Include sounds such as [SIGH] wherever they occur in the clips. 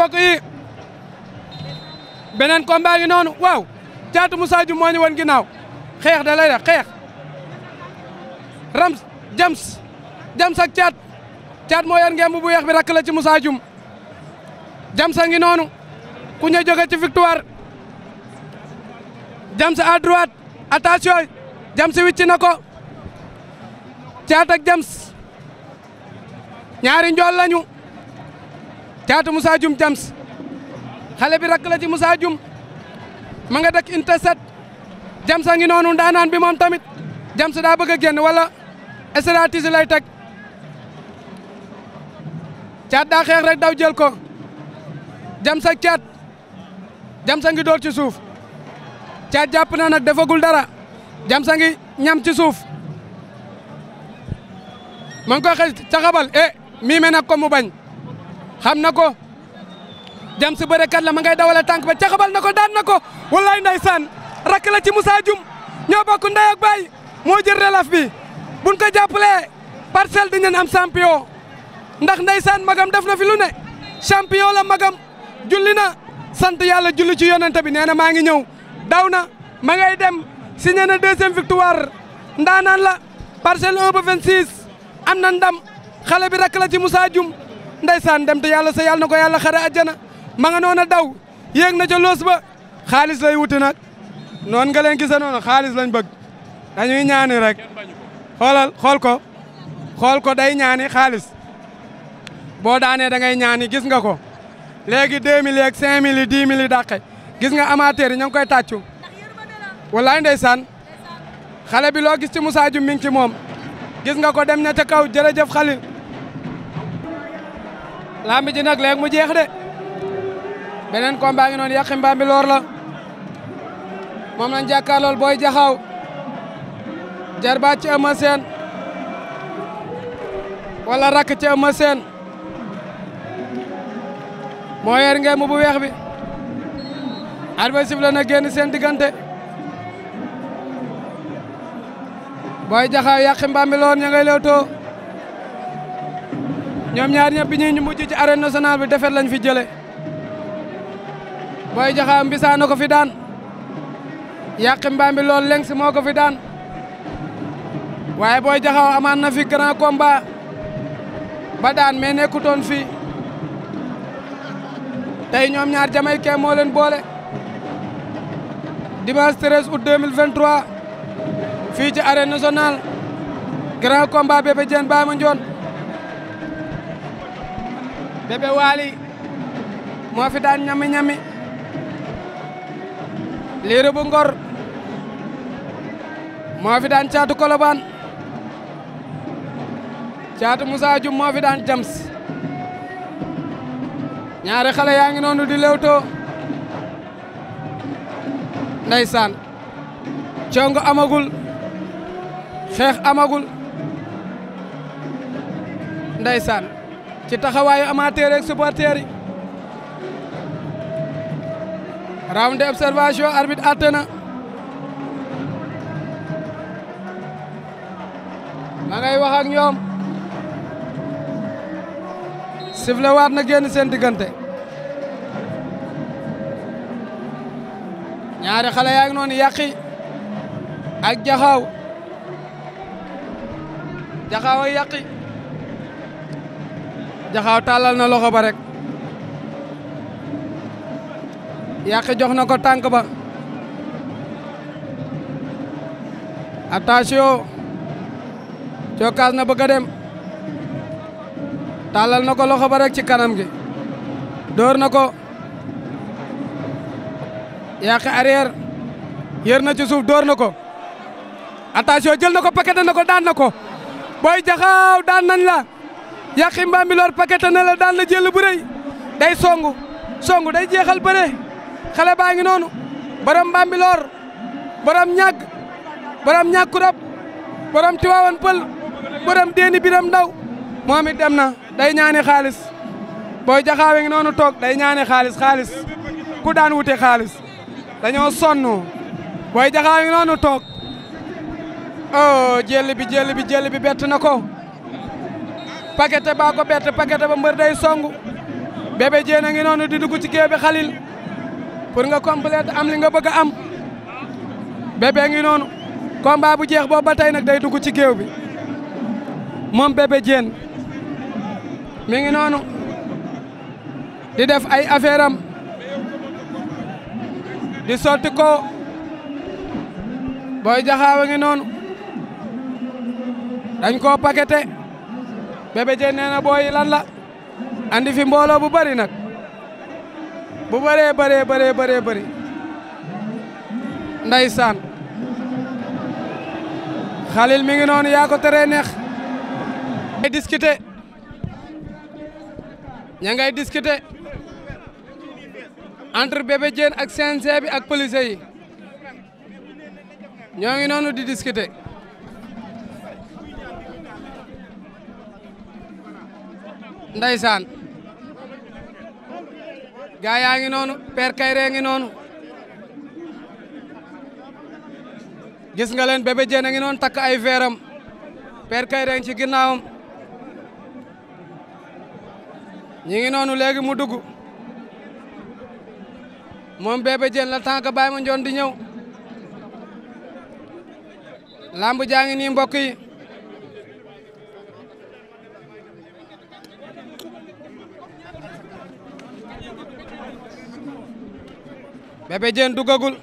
mbokk yi beneen combat ngi noonu waaw Caatu Moussa Diouf moo ñu woon ginnaaw xeex da lay xeex Rams Jams Jams ak Caat Caat moo yor ngemb bu weex bi rakk la ci Moussa Diouf Jams a ngi noonu ku ñu jóge ci victoire Jams à droite Jams wicci na ko Caat Jams ñaari njool lañu caatu Moussa Dioum Jams xale bi rakk la ci musa Dioum ma nga dëkk Inteset Jams a ngi noonu daanaan bi moom tamit Jams daa bëgg a génn wala stratégie lay teg caat daa xeex rek daw jël ko Jams caat Jams a ngi door ci suuf caat jàpp na nag defagul dara Jams a ngi ñam ci suuf ma ngi koy xëy caxabal eh mii me nag ko mu bañ xam na ko jam si bërekat la ma ngay dawale tànk ba caxabal na ko daan na ko wallaay ndeysaan rakk la ci Moussa Dioum ñoo bokk ndey ak baay moo jël relaf bi buñ ko jàppalee parcelle dinañ am champion ndax ndeysaan magam daf na fi lu ne champion la magam julli na sant yàlla julli ci yonente bi nee na maa ngi ñëw daw na ma ngay dem signé na deuxième victoire ndaanaan la parcelle 1 ba 26 am na ndam xale bi rakk la ci Moussa Dioum ndeysaan dem te yàlla sa yàlla na ko yàlla xare àjjana ma nga noona daw yéeg na ca loos ba xaalis lay wuti nag noonu nga leen gise noonu xaalis lañ bëgg dañuy ñaani rek xoolal xool ko xool ko day ñaani xaalis boo daanee da ngay ñaani gis nga ko léegi deux mille ak cinq mille dix mille dàqe gis nga amateur yi ngi koy tàccu wallaay ndeysaan xale bi loo gis ci Moussa Dioum mi ngi ci moom gis nga ko dem na ca kaw jërëjëf Khalil lamb ji nag mu jeex de beneen combat ngi noonu Yakhim Bambilor la moom lañ jàkkaarlool Boy Jaxaaw jarbaat ci Eumeu Sène wala rakk ci Eumeu Sène moo yer ngeen bu weex bi arbitre sifflé na seen diggante Boy Jaxaaw Yakhim Bambilor ña ngay ñoom ñaar ñëpp bi ñuy ñu mujj ci arène nationale bi defet lañ fi jële booy jaxaa mbisaa na ko fi daan yàqi mbaam bi loolu lengs ko fi daan waaye boo jaxaw amaan na fi grand combat ba daan mais nekkutoon fii tey ñoom ñaar jamaïcain moo leen boole dimanche 13 août 2023 fii ci arène nationale grand combat Bébé Diène Baye Mandione Bébé Waly moo fi daan ñami ñami liiru bu ngor moo daan caatu kolobaan caatu Moussa Dioum fi daan jams ñaari xale yaa ngi noonu di lewtoo ndeysaan congo amagul xeex amagul ndeysaan ci taxawaayu amateur ak supporter yi round d'observation arbitre àtte na ma ngay wax ak ñoom sifle waat na génn seen diggante ñaari xale yaa ngi ak jaxaaw jaxaaw ak jaxaaw tàllal na loxo ba rek yàqi jox na ko tànk ba attention cokkaas na bëgg a dem tàllal na ko loxo ba rek ci kanam gi dóor na ko yàqi arrière yér na ci suuf dóor na ko attention jël na ko paquet na ko daan na ko booy jaxaaw daan nañ la Yakhim Bambilor pakete na la daan la jël bu rëy day songu songu day jeexal bëre xale baa ngi noonu borom Bambilor borom ñàgg baram ñàkkurab borom Tiwaawan pël borom déeni biram ndaw moom dem na day ñaani xaalis booy jaxaawe ngi noonu toog day ñaani xaalis xaalis ku daan wute xaalis dañoo sonn booy jaxaawe ngi noonu toog oh jël bi jël bi jël bi bett na ko Pakete baa ko bett Pakete ba mbër day songu Bébé Diène a ngi noonu di dugg ci géew bi Khalil pour nga complète am li nga bëgg a am bébé ngi noonu combat bu jeex boobu ba tey nag day dugg ci géew bi moom mi ngi noonu di def ay affaire am di sotti ko booy jaxaawa noonu dañ koo pakete Bébé Diène nee na booy lan la andi fi mbooloo bu bëri nag bu bëree bëree bëree bëree bëri ndeysaan Khalil mi ngi noonu yaa ko teree neex ngay discuter ña ngay discuter entre Bébé ak CNG bi ak police yi ñoo ngi noonu di discuter ndeysaan gaa yaa ngi noonu Père Kayre ngi noonu gis nga leen bébé a ngi noonu takk ay veeram Père Kayre ngi ci ginnaawam ñi ngi noonu léegi mu dugg moom bébé Diène la tànk Baye Mandione di ñëw lamb jaa ngi nii mbokk yi Bébé Diène duggagul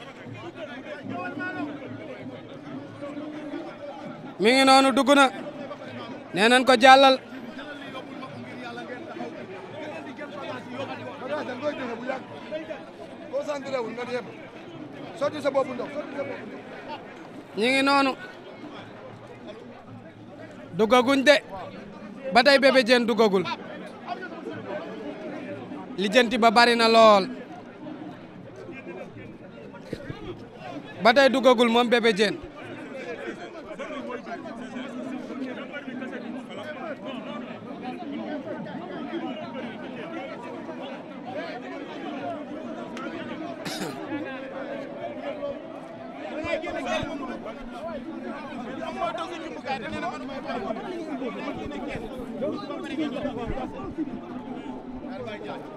mi dugg na nee nañ ko jàllal ñi ngi noonu duggaguñ de ba tey Bébé Diène duggagul lijjanti ba bari na lool batay tey duggagul moom Bébé [LAUGHS]